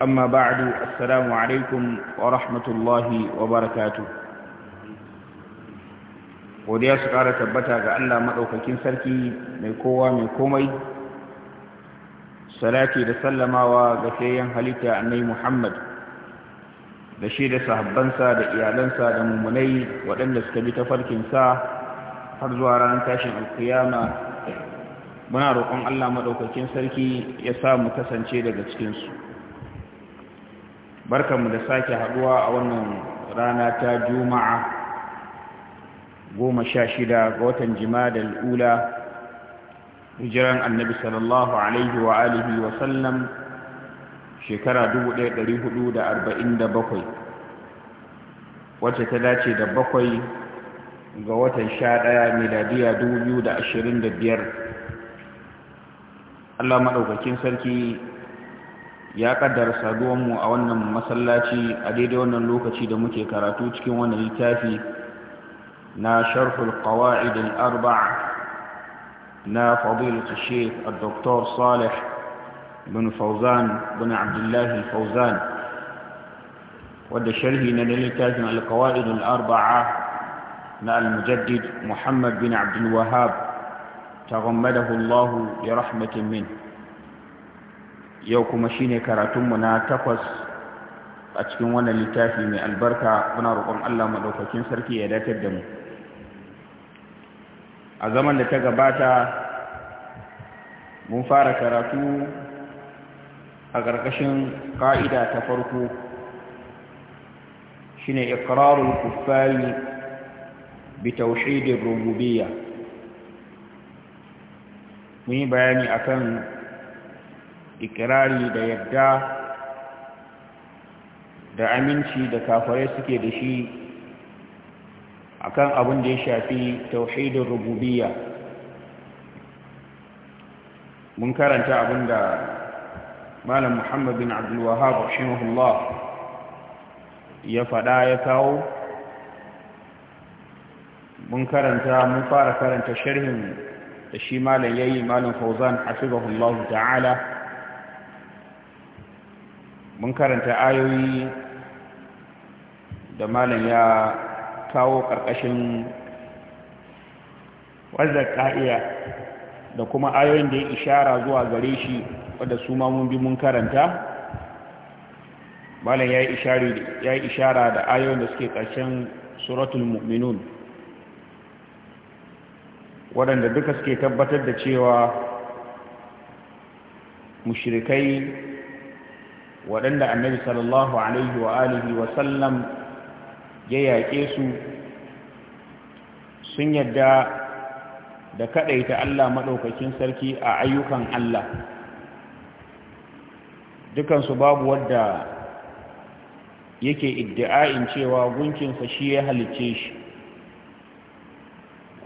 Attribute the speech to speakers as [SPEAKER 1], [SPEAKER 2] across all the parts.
[SPEAKER 1] Amma أما assalamu alaikum wa rahmatullahi wa barakatu. godiya su ƙara tabbata ga Allah maɗaukakin sarki mai kowa mai komai salati da sallamawa ga sayan halitta annai Muhammad da shi da sahabbansa da iyalansa da mummunai waɗanda suka bi tafarkinsa har zuwa ranar tashin alkiyama muna roƙon Allah maɗaukakin sarki ya sa mu kasance daga cikinsu barkanmu da sake haduwa a wannan rana ta juma'a goma sha shida ga watan da ula hijiran annabi sallallahu alaihi wa alihi wa sallam shekara 1447 wacce ta dace da bakwai ga watan sha ɗaya miladiya 2025 Allah maɗaukakin sarki ya kaddara mu a wannan masallaci a daidai wannan lokaci da muke karatu cikin wannan littafi na sharhul qawa'id al-arba' na fadilat al-sheikh al-doktor Salih bin Fawzan bin Abdullah al-Fawzan wanda sharhi na littafin al-qawa'id al-arba'a na al-mujaddid Muhammad bin Abdul Wahhab tagammadahu Allah bi rahmatin minhu yau kuma shine karatunmu na takwas a cikin wannan littafi mai albarka muna roƙon Allah maɗaukakin sarki ya datar da mu a zaman da ta gabata mun fara karatu a ƙarƙashin ƙa'ida ta farko shine iqrarul kuffari bi da rububiyya mun yi bayani akan ikirari da yadda da aminci da kafarai suke da shi akan abin da ya shafi tauhidin rububiyya mun karanta abin da malam muhammad bin abdulwahab rahimahullah ya faɗa ya kawo mun karanta mun fara karanta sharhin da shi malam yayi malam fauzan hasibahullahu ta'ala mun karanta ayoyi da malam ya kawo ƙarƙashin wadda ka'iya da kuma ayoyin da ya ishara zuwa gare shi wadda su ma mun bi mun karanta malam ya yi ishara da ayoyin da suke ƙarshen suratul mu'minun waɗanda duka suke tabbatar da cewa mushrikai waɗanda annabi sallallahu alaihi wa alihi wa sallam ya yaƙe su sun yadda da kaɗaita Allah maɗaukakin sarki a ayyukan Allah dukansu babu wadda yake iddi'a'in cewa gunkinsa shi ya halicce shi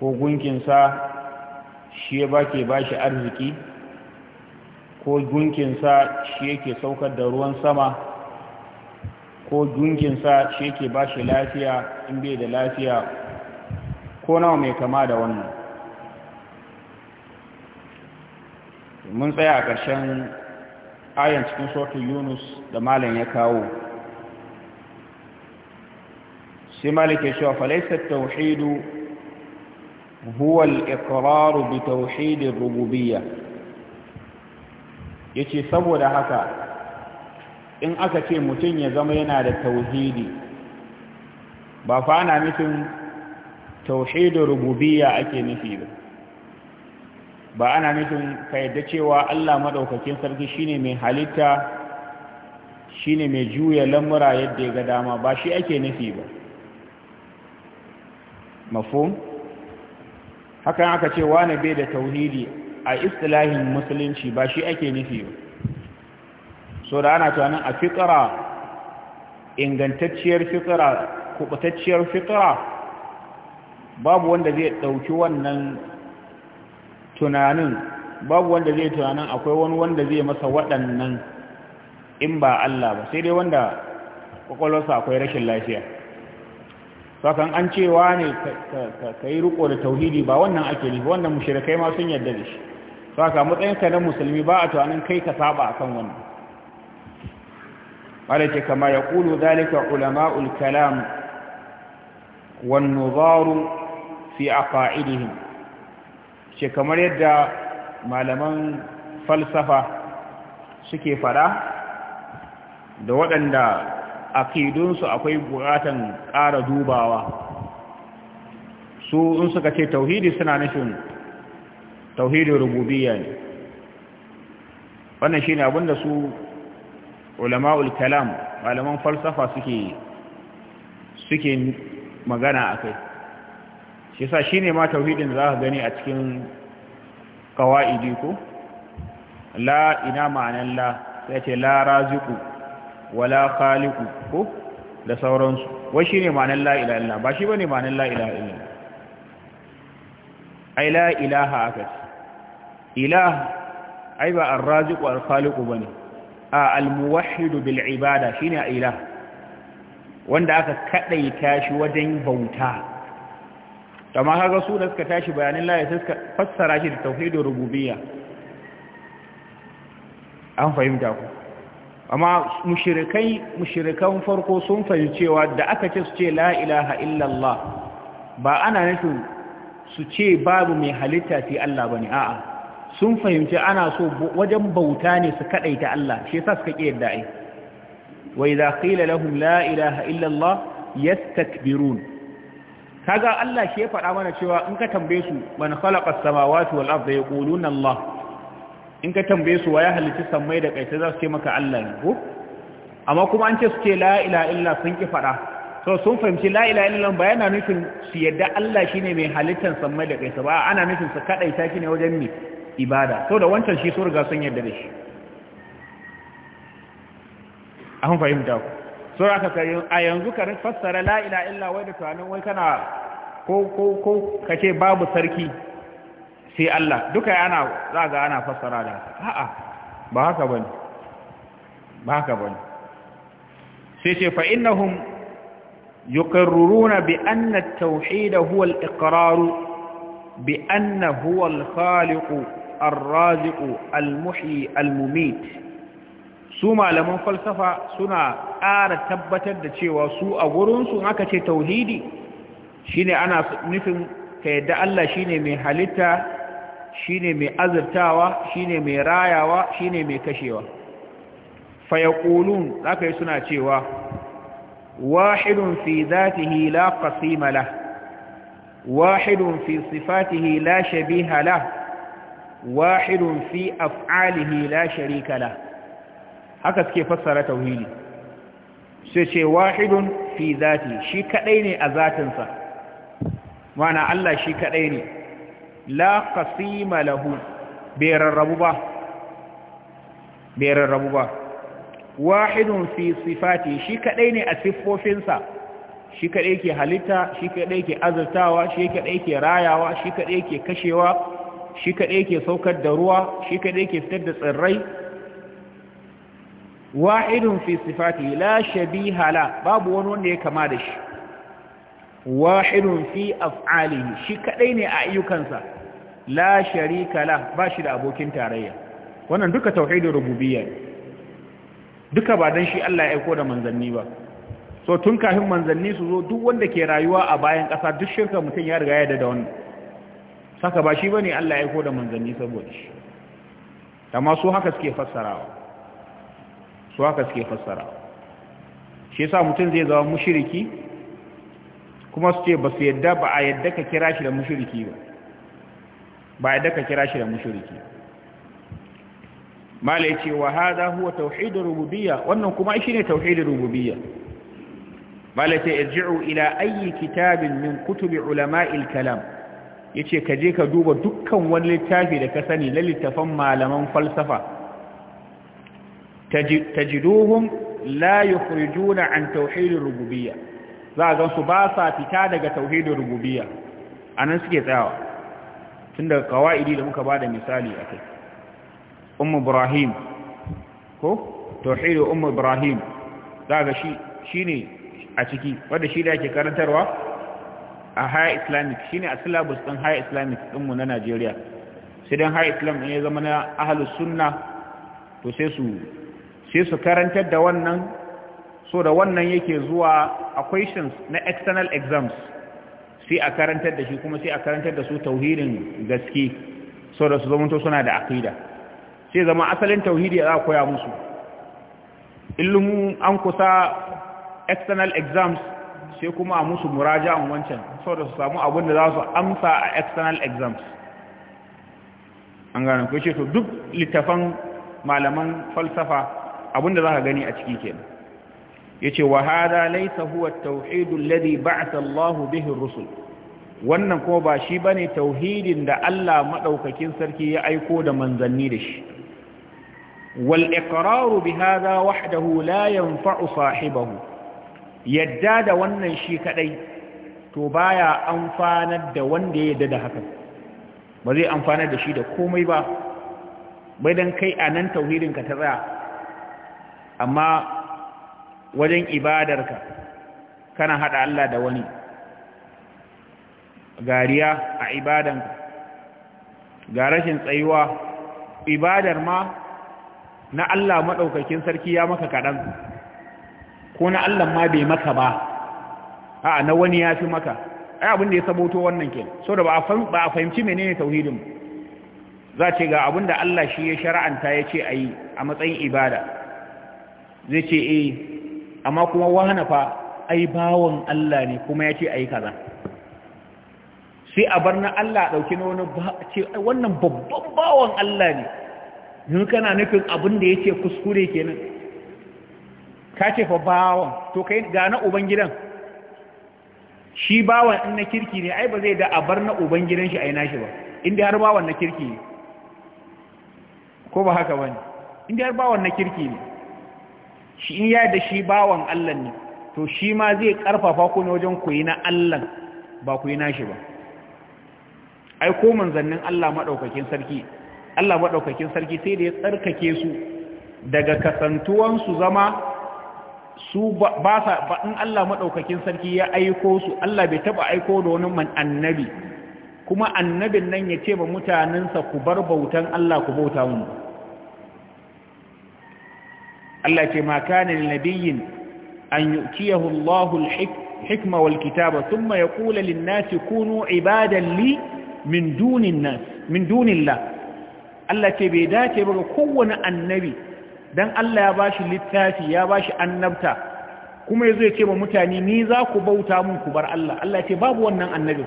[SPEAKER 1] ko gunkinsa shi ya bake bashi arziki ko gunkinsa shi yake saukar da ruwan sama ko gunkinsa shi yake ba shi lafiya in bai da lafiya ko nawa mai kama da wannan mun tsaya a ƙarshen ayan cikin sautin yunus da malam ya kawo sai malike cewa falaisar tauhidu huwal ikararu bi tawhidin rububiyya ya ce saboda haka in aka ce mutum ya zama yana da tauhidi ba fa ana nufin tauhidin rububiyya ake nufi ba ba ana nufin ka yadda cewa Allah maɗaukakin sarki shine mai halitta shine mai juya lamura yadda ya ga dama ba shi ake nufi ba mafhum hakan aka ce wani bai da tauhidi a istilahin musulunci ba shi ake nufi ba so da ana tunanin a fikara, ingantacciyar fikara, kubutacciyar fikara, babu wanda zai ɗauki wannan tunanin babu wanda zai tunanin akwai wani wanda zai masa waɗannan in ba Allah ba sai dai wanda kwakwalwarsa akwai rashin lafiya sakan an cewa ne ka yi riko da tauhidi ba wannan ake nufi wannan mushrikai ma sun yarda da shi saka matsayinka na musulmi ba a tunanin kai ka saba akan wannan malaka kama ya kulu zalika ulama'ul kalam wan nuzaru fi aqaidihim ce kamar yadda malaman falsafa suke faɗa, da waɗanda akidunsu akwai buƙatan ƙara dubawa su in suka ce tauhidi suna nufin tauhidin rububiyya ne wannan shine abinda su ulama'ul kalam malaman falsafa suke suke magana akai shi yasa shine ma tauhidin za ka gani a cikin qawaidi ko la ina ma'anin la sai ce la raziqu wala khaliqu ko da sauransu wai shine ma'anin la ilaha illallah ba shi bane ma'anin la ilaha illallah ai la ilaha akati ilah ai ba arraziqu alkhaliqu bane a almuwahhidu bil ibada shine ilah wanda aka kadaita shi wajen bauta amma kaga su da suka tashi bayanin la suka fassara shi da tauhidur rububiyya an fahimta ku amma mushrikai mushrikan farko sun fahimci cewa da aka ce su ce la ilaha illallah ba ana nufin su ce babu mai halitta fi Allah bane a'a sun fahimci ana so wajen bauta ne su ta Allah shi sa suka ƙi yadda ai wa idza qila lahum la ilaha illa Allah yastakbirun kaga Allah shi ya faɗa mana cewa in ka tambaye su man khalaqa as-samawati wal arda yaquluna Allah in ka tambaye su ya halitta samai da kai za su ce maka Allah ne ko amma kuma an ce su ce la ilaha illa sun ki faɗa so sun fahimci la ilaha illa ba yana nufin su yadda Allah shine mai halittar samai da kai ba ana nufin su kadaita shi ne wajen ne ibada to da wancan shi sun riga sun yarda da shi an fahimta ku so aka kare a yanzu ka fassara la ila illa wai da tunanin wai kana ko ko ko kace babu sarki sai Allah duka ana za ga ana fassara da a'a ba haka bane ba haka bane sai ce fa innahum yuqarruruna bi anna at-tauhid huwa al-iqrar bi anna huwa al-khaliq arrazi'u almuhi almumit su malaman falsafa suna ƙara tabbatar da cewa su a gurinsu aka ce tauhidi shine ana nufin ka yadda Allah shine mai halitta shine mai azurtawa shine mai rayawa shine mai kashewa fa yaqulun zaka yi suna cewa wahidun fi dhatihi la qasima la wahidun fi sifatihi la shabiha lah. wahidun fi af'alihi la sharika la haka suke fassara tauhidi sai ce wahidun fi zati shi kadai ne a zatinsa mana Allah shi kadai ne la qasima lahu bai rarrabu ba bai rarrabu ba wahidun fi sifati shi kadai ne a siffofinsa shi kadai ke halitta shi kadai ke azurtawa shi kadai ke rayawa shi kadai ke kashewa shi kaɗe ke saukar da ruwa shi kaɗe ke fitar da tsirrai wa'idun fi sifati la shabi hala. babu wani wanda ya kama da shi wa'idun fi af'alihi shi kaɗai ne a ayyukansa la sharika la ba shi da abokin tarayya wannan duka tauhidin rububiyya duka ba don shi Allah ya aiko da manzanni ba so tun kafin manzanni su zo duk wanda ke rayuwa a bayan ƙasa duk shirka mutum ya riga ya da wannan saka ba shi ba ne Allah ya aiko da manzanni saboda shi amma su haka suke fassarawa su haka suke fassarawa shi yasa mutum zai zama mushiriki kuma su ce ba su yadda ba a yadda ka kira shi da mushiriki ba ba a yadda ka kira shi da mushiriki mala ya ce wa hada huwa tauhidin rububiyya wannan kuma shi ne tauhidin rububiyya mala ya ce irji'u ila ayyi kitabin min kutubi ulama'il kalam ya ce ka je ka duba dukkan wani littafi da ka sani na littafan malaman falsafa ta ji jidohun layu kurjuna an tauhidin rububiya za a gansu ba sa fita daga tauhidin rububiya a nan suke tsayawa tun daga kawa'idi da muka ba da misali a kai umu ibrahim ko tauhidin umu ibrahim za ga shi ne a ciki wadda shi da ke karantarwa a high islamic shine a syllabus din high islamic dinmu na Najeriya sai dan high islam din ya zama na ahlu sunna to sai su sai su karantar da wannan so da wannan yake zuwa equations na external exams sai a karantar da shi kuma sai a karantar da su tauhidin gaske so da su to suna da aqida sai zama asalin tauhidi za a koya musu ilimin an kusa external exams sai kuma a musu muraja'an wancan saboda su samu abin da za su amsa a external exams an gane ku ce to duk littafan malaman falsafa abin da za ka gani a ciki kenan yace wa hada laysa huwa Tauhidu tauhid alladhi ba'atha Allah bihi ar-rusul wannan kuma ba shi bane tauhidin da Allah madaukakin sarki ya aiko da manzanni da shi wal iqraru bi hada wahdahu la yanfa'u sahibahu yadda da wannan shi kadai to baya amfanar da wanda ya yadda da hakan ba zai amfanar da shi da komai ba bai dan kai a nan ka ta tsaya amma wajen ibadarka kana hada Allah da wani gariya a ibadanka ga rashin tsayuwa ibadar ma na Allah maɗaukakin sarki ya maka kaɗan ko na Allah ma bai maka ba a na wani ya fi maka ai abin da ya saboto wannan ke so da ba a fahimci menene tauhidin za ce ga abin da Allah shi ya shara'anta ya ce a yi a matsayin ibada zai ce eh amma kuma wahana fa ai bawon Allah ne kuma ya ce a yi kaza sai a bar na Allah ɗauki na wani ce wannan babban bawon Allah ne yin kana nufin abin da ya ce kuskure kenan ka ce fa bawan to kai ga na ubangidan shi bawan in na kirki ne ai ba zai da a bar na ubangidan shi a yi nashi ba inda har bawan na kirki ne ko ba haka bane inda har bawan na kirki ne shi in ya da shi bawan Allah ne to shi ma zai karfafa ku ne wajen ku yi na Allah ba ku yi nashi ba ai ko manzannin Allah madaukakin sarki Allah madaukakin sarki sai da ya tsarkake su daga kasantuwansu zama su ba sa in Allah maɗaukakin sarki ya aiko su Allah bai taɓa aiko da wani man annabi kuma annabin nan ya ce ba mutanensa ku bar bautan Allah ku bauta mu Allah ce ma kana lin nabiyyin an yu'tiyahu Allahu al-hikma wal kitaba thumma yaqulu lin nasi kunu ibadan li min dunin nas min dunillah Allah ce bai dace ba ga kowane annabi dan Allah ya bashi littafi ya bashi annabta kuma yazo ya ce ba mutane ni za ku bauta mun ku bar Allah Allah ya ce babu wannan annabi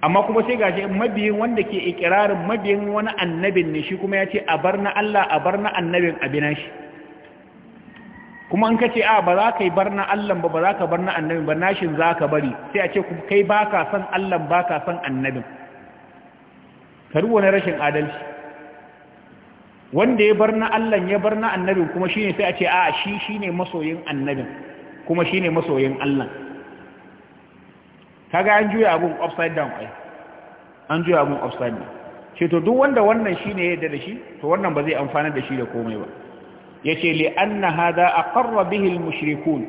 [SPEAKER 1] amma kuma sai gashi mabiyin wanda ke ikirarin mabiyin wani annabin ne shi kuma ya ce a bar Allah a bar annabin abinan shi kuma an kace a ba za ka yi bar na Allah ba ba za ka bar annabin ba nashin za ka bari sai a ce kai baka san Allah baka ka san annabin ka wani rashin adalci wanda ya bar na Allah ya bar na annabin kuma shine sai a ce a shi shine masoyin annabin kuma shine masoyin Allah ga an juya abun upside down ai an juya abun upside down ce to duk wanda wannan shine ya yarda da shi to wannan ba zai amfana da shi da komai ba Ya ce li anna hada a bihi bihil mushrikun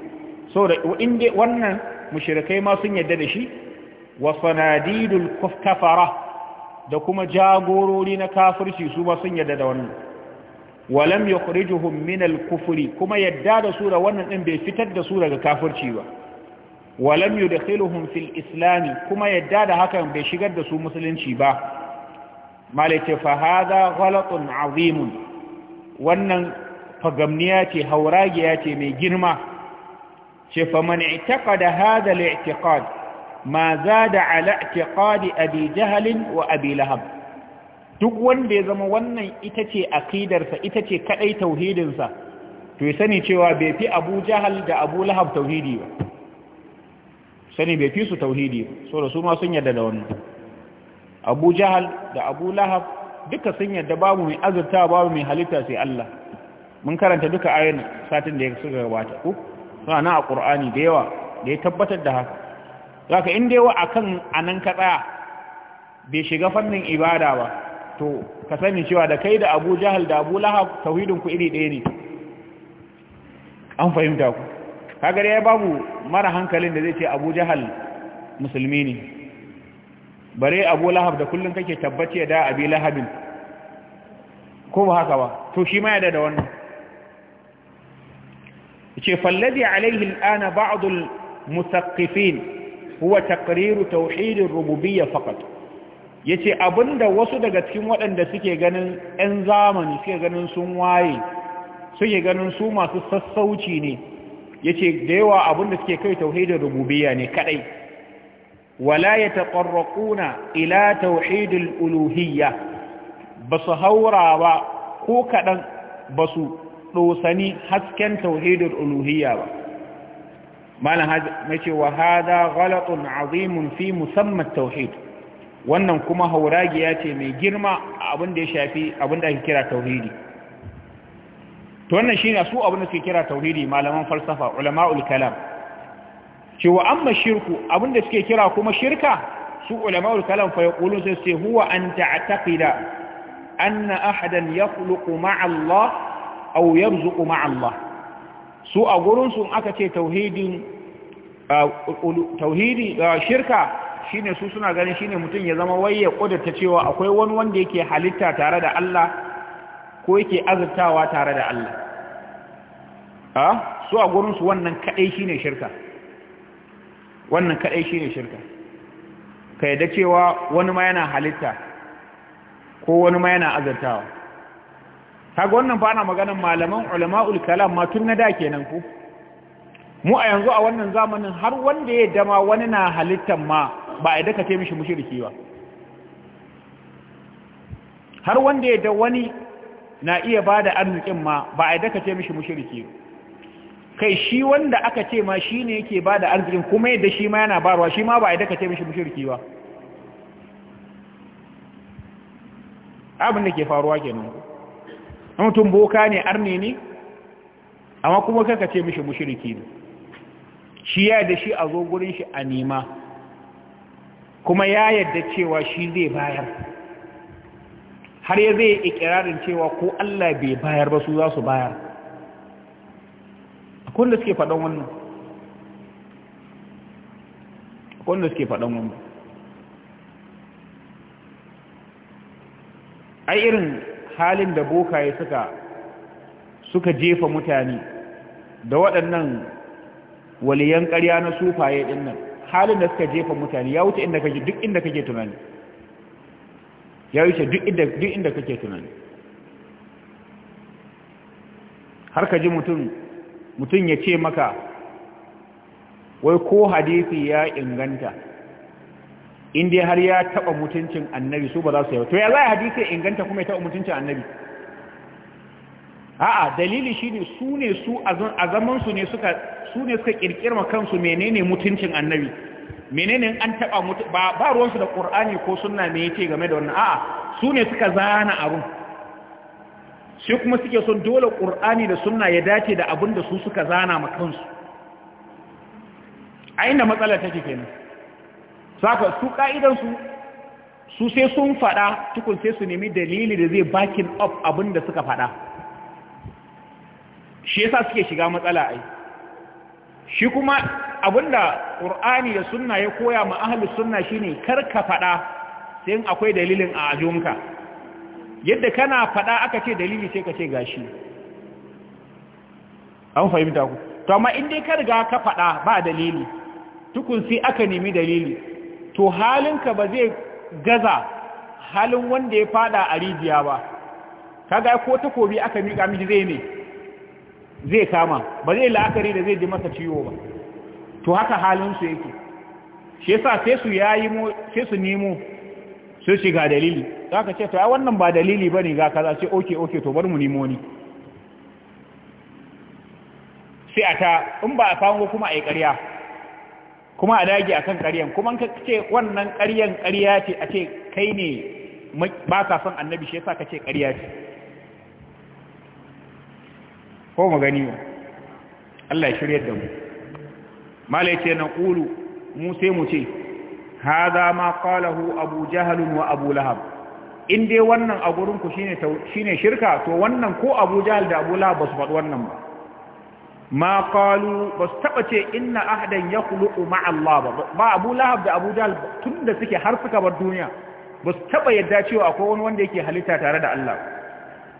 [SPEAKER 1] so da inda wannan mushrikai ma sun yadda da shi wa sanadidul kafara da kuma jagorori na kafirci su ma sun yadda da wannan walam yukhrijuhum min al kufuri kuma yadda da sura wannan din bai fitar da su daga kafirci ba walam yudkhiluhum fil islami kuma yadda da hakan bai shigar da su musulunci ba malaka fa hadha ghalatun wannan fagamniya ce hauragiya ce mai girma ce fa man i'taqada hadha al-i'tiqad ma zada ala i'tiqadi abi jahalin wa abi lahab duk wanda ya zama wannan ita ce aqidarsa ita ce kadai tauhidinsa to ya sani cewa bai fi Abu Jahal da Abu Lahab tauhidi ba sani bai fi su tauhidi so da su ma sun yarda da wannan Abu Jahal da Abu Lahab duka sun yarda babu mai azurta babu mai halitta sai Allah mun karanta duka ayoyin satin da ya suka gabata ko suna na a Qur'ani da yawa da ya tabbatar da haka zaka in da yawa akan anan ka tsaya bai shiga fannin ibada ba to ka sani cewa da kai da abu jahal da abu lahab tauhidinku iri ɗaya ne an fahimta ku kagar ya babu mara hankalin da zai ce abu jahal musulmi ne bare abu lahab da kullum kake tabbace da abi lahabin ko ba haka ba to shi ma yada da wannan ce fallazi alaihi al'ana ba'dul mutaqqifin huwa taqriru tauhidir rububiyya faqat yace abinda wasu daga cikin waɗanda suke ganin 'yan zamani suke ganin sun waye suke ganin su masu sassauci ne yace da yawa abinda suke kai tauhidin rububiyya ne kadai wala yataqarraquna ila tauhidil uluhiyya basu haura ba ko ba basu dosani hasken tauhidil uluhiyya ba malan hada nace wa hada ghalatun azimun fi musamman tauhid wannan kuma hauragiya ce mai girma a abin da ya shafi abin da ake kira tauhidi to wannan shine su abin da suke kira tauhidi malaman falsafa ulama'ul kalam cewa amma shirku abin da suke kira kuma shirka su ulama'ul kalam fa yaqulun sai sai huwa an ta'taqida anna ahadan yakhluqu ma'a Allah aw yarzuqu ma'a Allah su a gurin su aka ce tauhidin tauhidi shirka shine su suna ganin shine mutum ya zama wai ya ta cewa akwai wani wanda yake halitta tare da Allah ko yake azurtawa tare da Allah a su a gurin su wannan kadai shine shirka wannan kadai shine shirka kai da cewa wani ma yana halitta ko wani ma yana azurtawa kaga wannan fa ana maganar malaman ulama'ul kalam ma tun na da kenan ku mu a yanzu a wannan zamanin har wanda ya dama wani na halittan ma ba a daka ce mishi mushriki ba har wanda ya da wani na iya bada arzikin ma ba a daka ce mishi mushriki kai shi wanda aka ce ma shine yake bada arzikin kuma yadda shi ma yana barwa shi ma ba a daka ce mishi mushriki ba abin da ke faruwa nan mutum boka ne arne ne amma kuma kaka ce mishi mushriki ne shi ya da shi a zo gurin shi a nema kuma ya yadda cewa shi zai bayar har ya zai ikirarin cewa ko Allah bai bayar ba su za su bayar akwai da suke faɗan wannan akwai da suke faɗan wannan ai irin halin da bokaye suka suka jefa mutane da waɗannan waliyan ƙarya na sufaye ɗin nan halin da suka jefa mutane ya wuce inda kake duk inda kake tunani ya wuce duk inda duk inda kake tunani har ka ji mutum mutum ya ce maka wai ko hadisi ya inganta in dai har ya taba mutuncin annabi su ba za su yi to ya za hadisi ya inganta kuma ya taba mutuncin annabi a'a dalili shine su ne su a zaman su ne suka su ne suka kirkirma kansu menene mutuncin annabi menene an taba ba ba ruwan su da qur'ani ko sunna me yake game da wannan a'a su ne suka zana abun sai kuma suke son dole qur'ani da sunna ya dace da abun da su suka zana ma kansu a inda matsala take kenan saka su ka'idan su su sai sun fada tukun sai su nemi dalili da zai backing up abin da suka fada shi yasa suke shiga matsala ai shi kuma abinda qur'ani da sunna ya koya ma ahlus sunna shine karka fada sai akwai dalilin a ajunka yadda kana fada aka ce dalili sai ka ce gashi an fahimta ku to amma in dai ka riga ka fada ba dalili tukun sai aka nemi dalili to halinka ba zai gaza halin wanda ya fada a rijiya ba kaga ko takobi aka mika miki zai ne zai kama ba zai la'akari da zai ji masa ciwo ba to haka halinsu yake shi yasa sai su yayi mu sai su nemo sai su ga dalili zaka ce to ai wannan ba dalili bane ga kaza ce okay okay to bar mu nemo ni sai a ta in ba a fango kuma a yi ƙarya kuma a dage akan ƙaryan kuma ka ce wannan ƙaryan ƙarya ce a ce kai ne ba ka son annabi shi yasa ka ce ƙarya ce ko mu gani Allah ya shiryar da mu malai ce na qulu mu sai mu ce hadha ma qalahu abu jahl wa abu lahab in dai wannan a gurin ku shine shine shirka to wannan ko abu jahl da abu lahab basu faɗi wannan ba ma qalu basu taba ce inna ahadan yakhluqu ma Allah ba ba abu lahab da abu jahl tunda suke har suka bar duniya basu taba yadda cewa akwai wani wanda yake halitta tare da Allah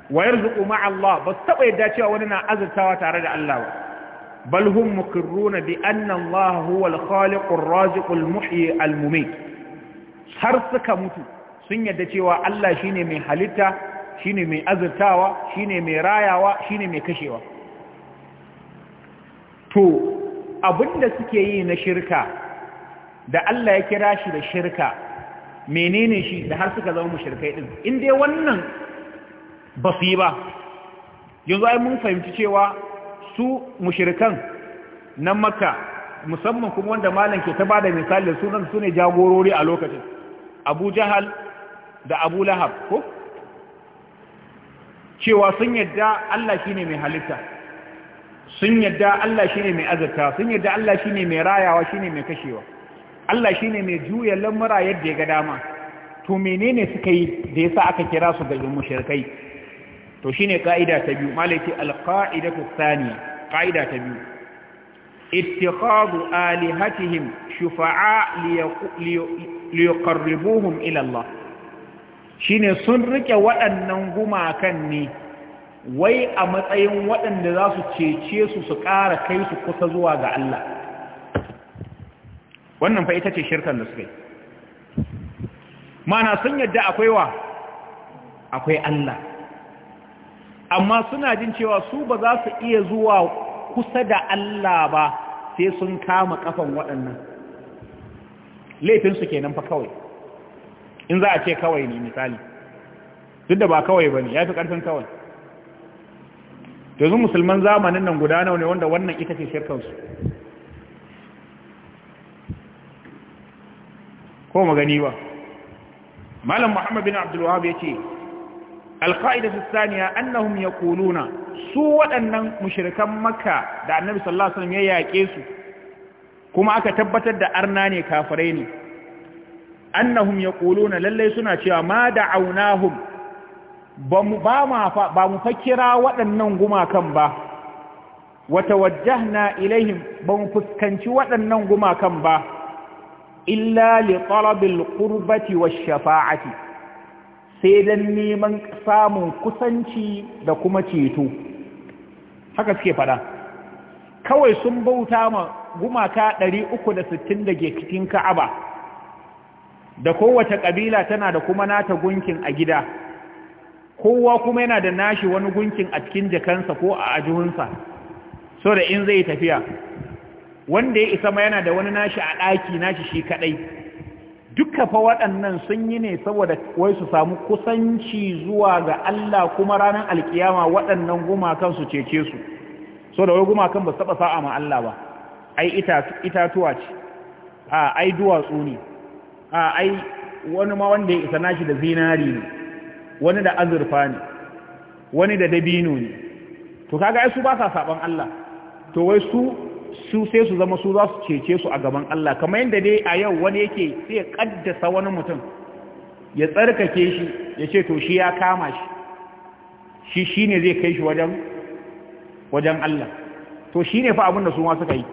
[SPEAKER 1] wa yarzuqu ma Allah ba su taba yadda cewa wani na azurtawa tare da Allah ba bal hum muqirruna bi anna Allah huwa al-khaliq ar-raziq al-muhyi al-mumit har suka mutu sun yadda cewa Allah shine mai halitta shine mai azurtawa shine mai rayawa shine mai kashewa to abinda suke yi na shirka da Allah ya kira shi da shirka menene shi da har suka zama mushrikai din in dai wannan ba su yi ba yanzu ai mun fahimci cewa su mushirikan na makka musamman kuma wanda malam ke ta ba da misalin sunan su ne jagorori a lokacin abu jahal da abu lahab ko cewa sun yadda allah shine mai halitta sun yadda allah shine mai azurta sun yadda allah shine mai rayawa shine mai kashewa allah shine mai juya lamura yadda ya ga dama to menene suka yi da yasa aka kira su ga mushrikai to shine ka'ida ta biyu malaki alqa'idatu thaniya ka'ida ta biyu ittikhadu alihatihim shufa'a liyuqarribuhum ila Allah shine sun rike waɗannan gumakan ne wai a matsayin waɗanda za su cece su su ƙara kai su kusa zuwa ga Allah wannan fa ita ce shirkan da suke mana sun yadda akwai wa akwai Allah amma suna jin cewa su ba za su iya zuwa kusa da Allah ba sai sun kama kafan waɗannan laifinsu kenan fa kawai in za a ce kawai ne misali duk da ba kawai ba ne ya fi ƙarfin kawai yanzu musulman zamanin nan guda nawa ne wanda wannan ita ce shirkansu ko magani ba malam muhammad bin abdul ya ce alƙa'ida su annahum ya kuluna su waɗannan mushirikan makka da annabi sallallahu alaihi wasallam ya yaƙe su kuma aka tabbatar da arna ne kafirai ne annahum ya kuluna lallai suna cewa ma aunahum. ba mu ba kira waɗannan gumakan ba wata wajahna ilaihim ba mu fuskanci waɗannan gumakan ba illa li talabil qurbati wash shafa'ati sai don neman samun kusanci da kuma ceto haka suke fada kawai sun bauta ma gumaka 360 da ke cikin ka'aba da kowace kabila tana da kuma nata gunkin a gida kowa kuma yana da nashi wani gunkin a cikin jakansa ko a ajihunsa so da in zai tafiya wanda ya isa ma yana da wani nashi a ɗaki nashi shi kaɗai duka fa waɗannan sun yi ne saboda wai su samu kusanci zuwa ga Allah kuma ranar alkiyama waɗannan gumakan su cece su so da wai gumakan ba su taɓa sa'a ma Allah ba ai itatuwa ce a ai duwatsu ne a ai wani ma wanda ya isa nashi da zinari ne wani da azurfa ne wani da dabino ne to kaga ai su ba sa saban Allah to wai su su sai su zama su za su cece su a gaban Allah kamar yadda dai a yau wani yake sai ya kaddasa wani mutum ya tsarkake shi ya ce to shi ya kama shi shi shi ne zai kai shi wajen Allah to shi ne fa abin da su ma suka yi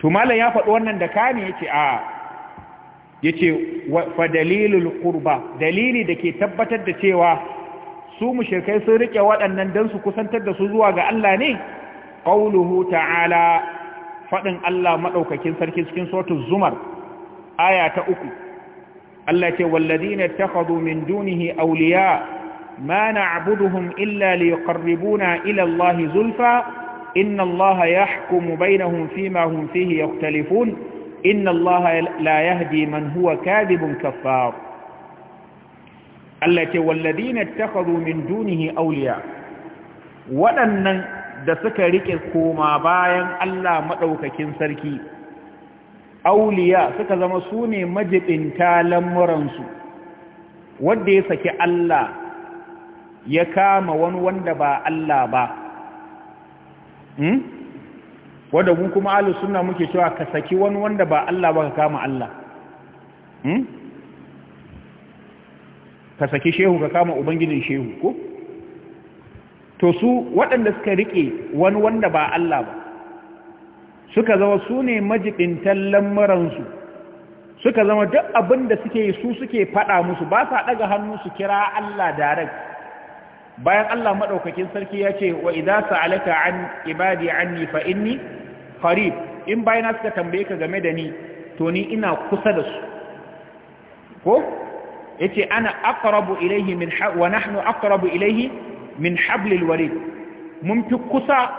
[SPEAKER 1] to malam ya faɗi wannan da kame ya ce a ya ce fa dalilul kurba? dalili da ke tabbatar da cewa su mushrikai sun riƙe waɗannan don su kusantar da su zuwa ga Allah ne ƙauluhu ta'ala faɗin Allah maɗaukakin sarki cikin sotu zumar aya ta uku Allah ce walladina takhadu min dunihi awliya ma na'buduhum illa liqarribuna ila Allah zulfa inna Allah yahkumu bainahum fima hum fihi yakhtalifun inna Allah la yahdi man huwa kadhibun kaffar Allah ce walladina takhadu min dunihi awliya waɗannan da suka riƙe koma bayan Allah maɗaukakin sarki auliya suka zama su ne majibinta lamuransu wanda ya saki Allah ya kama wani wanda ba Allah ba hmm? Wanda mu kuma alu suna muke cewa ka saki wani wanda ba Allah ba ka kama Allah hmm? ka saki shehu ka kama ubangijin shehu ko? to su waɗanda suka riƙe wani wanda ba Allah ba suka zama su ne majibintan lamuransu suka zama duk abin da suke su suke faɗa musu ba sa ɗaga hannu su kira Allah direct bayan Allah maɗaukakin sarki ya ce wa idza sa'alaka an ibadi anni fa inni qarib in bayana suka tambaye ka game da ni to ni ina kusa da su ko yace ana aqrabu ilayhi min wa nahnu aqrabu ilayhi min hablil warid mun fi kusa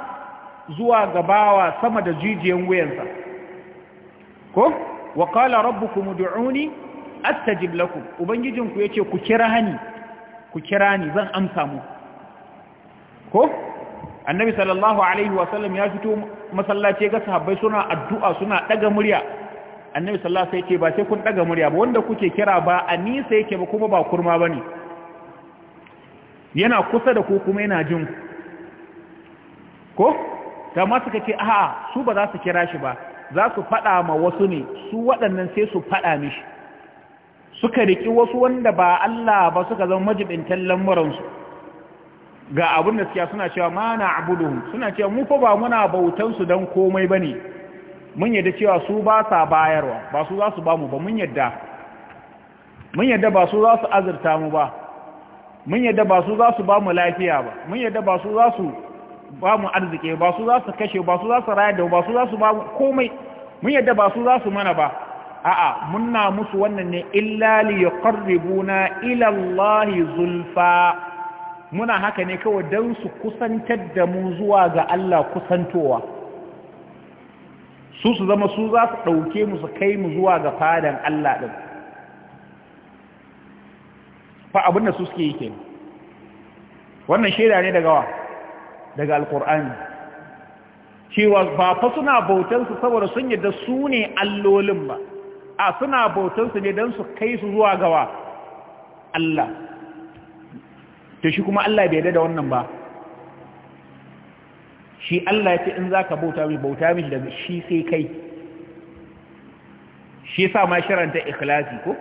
[SPEAKER 1] zuwa gabawa sama da jijiyan wuyansa ko wa qala rabbukum ud'uni astajib lakum ubangijinku yace ku kira ni ku kira ni zan amsa mu ko annabi sallallahu alaihi sallam ya fito masallaci ga sahabbai suna addu'a suna daga murya annabi sallallahu alaihi wa sallam ba sai kun daga murya ba wanda kuke kira ba a nisa yake ba kuma ba kurma bane yana kusa da ku kuma yana jin ku. ko ta suka ce a su ba za su kira shi ba za su faɗa ma wasu ne su waɗannan sai su faɗa mishi suka riki wasu wanda ba Allah ba suka zama majibintan lamuransu ga abin da suke suna cewa ma na abuduhum suna cewa mu fa ba muna bautansu don komai ba ne mun yadda cewa su ba sa bayarwa ba su za su ba mu ba mun yadda mun yadda ba su za su azurta mu ba mun yadda ba su za su ba mu lafiya ba mun yadda ba su za su ba mu arziki ba su za su kashe ba su za su rayar da ba su za su ba mu komai mun yadda ba su za su mana ba a'a munna musu wannan ne illa li yuqarribuna ila Allah zulfa muna haka ne kawai dan su kusantar da mu zuwa ga Allah kusantowa su su zama su za su dauke mu su kai mu zuwa ga fadan Allah din fa abin da su suke yi kenan wannan shaida ne daga wa daga alkur'ani cewa ba fa suna bautansu saboda sun da su ne allolin ba a suna bautansu ne don su kai su zuwa gawa Allah to shi kuma Allah bai yadda da wannan ba shi Allah ya ce in za ka bauta mai bauta mai daga shi sai kai shi sa ma shiranta ikhlasi ko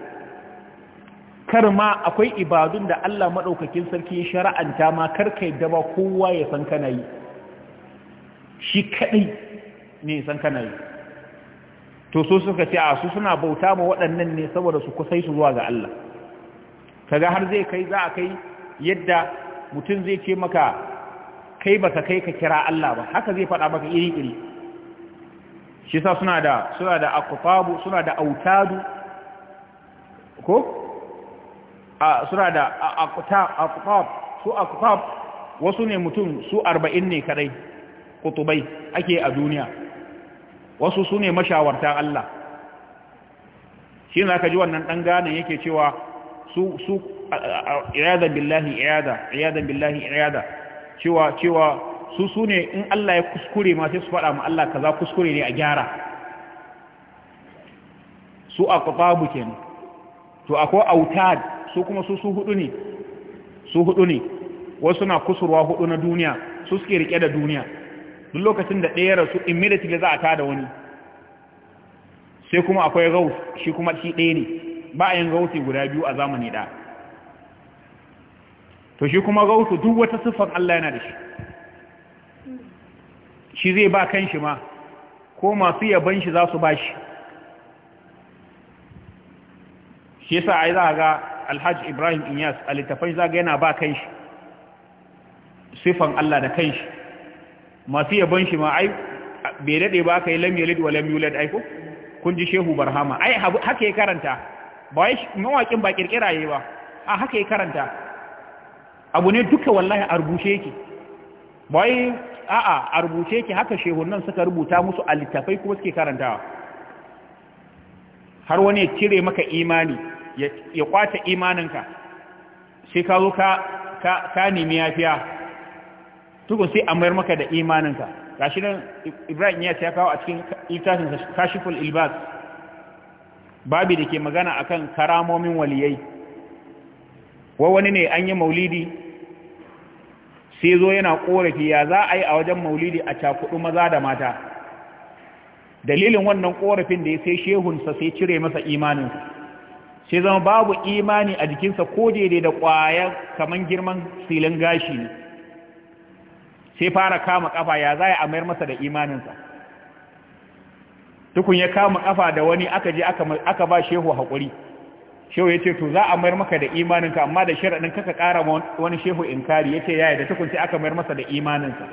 [SPEAKER 1] kar ma akwai ibadun da Allah maɗaukakin sarki ya shara'anta ma kar ka ba kowa ya san kana yi shi kaɗai ne san kana yi to so suka ce a su suna bauta ma waɗannan ne saboda su kusai su zuwa ga Allah kaga har zai kai za a kai yadda mutum zai ce maka kai ba ka kai ka kira Allah ba haka zai faɗa maka iri-iri shi sa suna da suna da suna da autadu ko suna da akutab su akutab wasu ne mutum su arba'in ne kadai kutubai ake a duniya wasu su ne mashawarta Allah shi za ka ji wannan ɗan ganin yake cewa su su iyada billahi iyada iyada billahi iyada cewa cewa su su ne in Allah ya kuskure ma sai su faɗa ma Allah kaza kuskure ne a gyara su a kenan to akwai autad su kuma su su hudu ne su hudu ne wasu na kusurwa hudu na duniya su suke rike da duniya duk lokacin da ɗaya rasu immediately za a tada wani sai kuma akwai gaus shi kuma shi ɗaya ne ba a yin gausi guda biyu a zamani da. to shi kuma gausu duk wata siffan Allah yana da shi shi zai ba kan shi ma ko masu yaban shi za su ba shi shi a yi za a ga alhaji ibrahim inyas a littafai zaga yana ba kan shi sifan allah da kan shi masu yabon shi ma ai bai daɗe ba ka yi lam yalid wa lam yulad aiko kun ji shehu barhama ai haka ya karanta ba wai mawaƙin ba ƙirƙira yi ba a haka ya karanta abu ne duka wallahi a rubuce yake ba wai a'a a rubuce yake haka shehu nan suka rubuta musu a littafai kuma suke karantawa har wani ya cire maka imani ya kwace imaninka sai ka zo ka nemi yafiya tukun sai a mayar maka da imaninka gashi nan ibrahim ya ya kawo a cikin littafin kashiful ilbas babi da ke magana akan karamomin waliyai wa wani ne an yi maulidi sai zo yana korafi ya za a yi a wajen maulidi a cakudu maza da mata dalilin wannan korafin da ya sai shehunsa sai cire masa imaninsa sai zama babu imani a jikinsa ko daidai da ƙwaya kamar girman silin gashi ne sai fara kama kafa ya za a mayar masa da imaninsa tukun ya kama kafa da wani aka je aka ba shehu haƙuri shehu ya ce to za a mayar maka da imaninka amma da sharaɗin kaka ƙara wani shehu inkari ya ce yaya da tukun sai aka mayar masa da imaninsa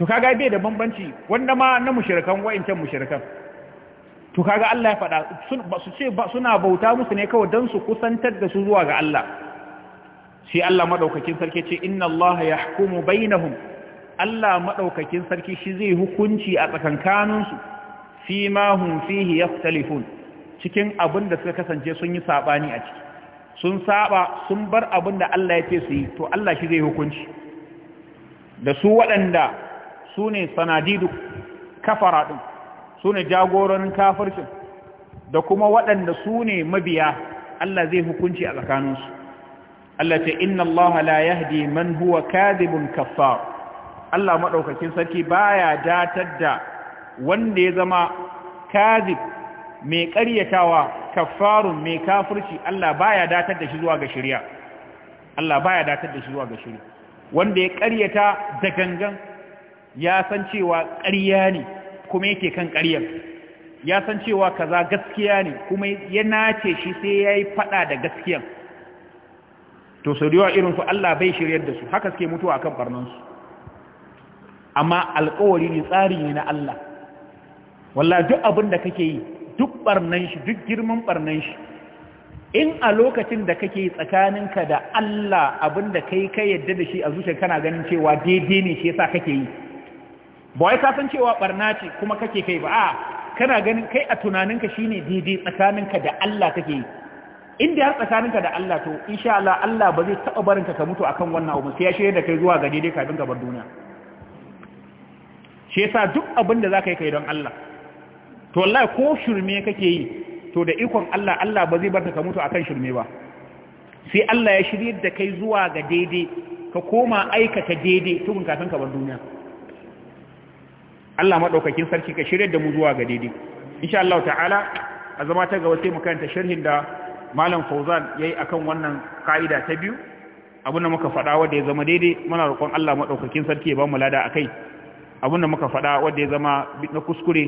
[SPEAKER 1] to kaga bai da bambanci wanda ma na mushrikan wa'incan mushrikan to kaga Allah ya faɗa su ce suna bauta musu ne kawai don su kusantar da su zuwa ga Allah shi Allah maɗaukakin sarki ce inna Allah ya hukumu bainahum Allah maɗaukakin sarki shi zai hukunci a tsakankaninsu fi ma hun fihi ya cikin abin da suka kasance sun yi saɓani a ciki sun saɓa sun bar abin da Allah ya ce su yi to Allah shi zai hukunci da su waɗanda su ne sanadidu kafara ɗin su ne jagororin kafircin da kuma waɗanda su ne mabiya Allah zai hukunci a tsakaninsu Allah ce inna Allah la yahdi man huwa kadhibun kaffar Allah madaukakin sarki baya datar da wanda ya zama kadhib mai ƙaryatawa kaffarun mai kafirci Allah baya datar da shi zuwa ga shari'a Allah baya datar da shi zuwa ga shari'a wanda ya ƙaryata da gangan ya san cewa ƙarya ne kuma yake kan ƙaryar ya san cewa kaza gaskiya ne kuma ya nace shi sai ya yi faɗa da gaskiyan to sau da irin su Allah bai shiryar da su haka suke mutuwa kan barnansu amma alkawari ne tsari ne na Allah walla duk abin da kake yi duk barnan shi duk girman barnan shi in a lokacin da kake tsakaninka da Allah abin da kai ka yadda da shi a zuciya kana ganin cewa daidai ne shi yasa kake yi ba wai kasan san cewa barna ce kuma kake kai ba a kana ganin kai a tunaninka shine daidai tsakaninka da Allah kake yi inda har tsakaninka da Allah to insha Allah Allah ba zai taɓa barinka ka mutu akan wannan abu sai ya shirye da kai zuwa ga daidai kafin ka bar duniya shi yasa duk abin da zaka yi kai don Allah to wallahi ko shirme kake yi to da ikon Allah Allah ba zai barka ka mutu akan shirme ba sai Allah ya shirye da kai zuwa ga daidai ka koma aikata daidai tukun kafin ka bar duniya Allah maɗaukakin sarki ka shirya da mu zuwa ga daidai insha Allah ta'ala a zama ta gaba sai mu sharhin da malam Fauzan ya yi akan wannan ka'ida ta biyu abin da muka faɗa wanda ya zama daidai muna roƙon Allah maɗaukakin sarki ya ba mu lada kai. abin da muka faɗa wanda ya zama na kuskure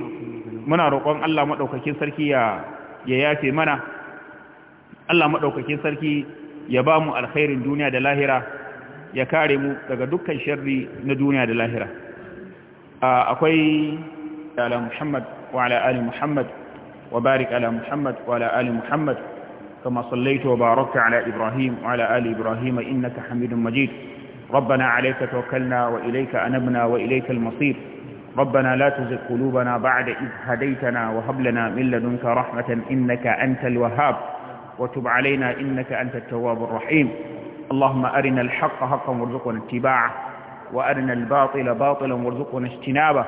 [SPEAKER 1] muna roƙon Allah maɗaukakin sarki ya yafe mana Allah maɗaukakin sarki ya ba mu alkhairin duniya da lahira ya kare mu daga dukkan sharri na duniya da lahira akwai ala muhammad wa ala ali muhammad wa barik ala muhammad wa كما صليت وباركت على إبراهيم وعلى آل إبراهيم إنك حميد مجيد ربنا عليك توكلنا وإليك أنبنا وإليك المصير ربنا لا تزغ قلوبنا بعد إذ هديتنا وهب لنا من لدنك رحمة إنك أنت الوهاب وتب علينا إنك أنت التواب الرحيم اللهم أرنا الحق حقا وارزقنا اتباعه وأرنا الباطل باطلا وارزقنا اجتنابه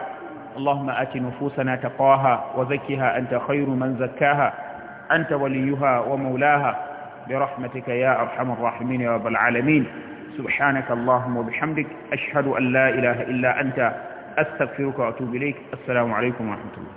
[SPEAKER 1] اللهم آت نفوسنا تقواها وزكها أنت خير من زكاها أنت وليها ومولاها برحمتك يا أرحم الراحمين يا رب العالمين سبحانك اللهم وبحمدك أشهد أن لا إله إلا أنت أستغفرك وأتوب إليك السلام عليكم ورحمة الله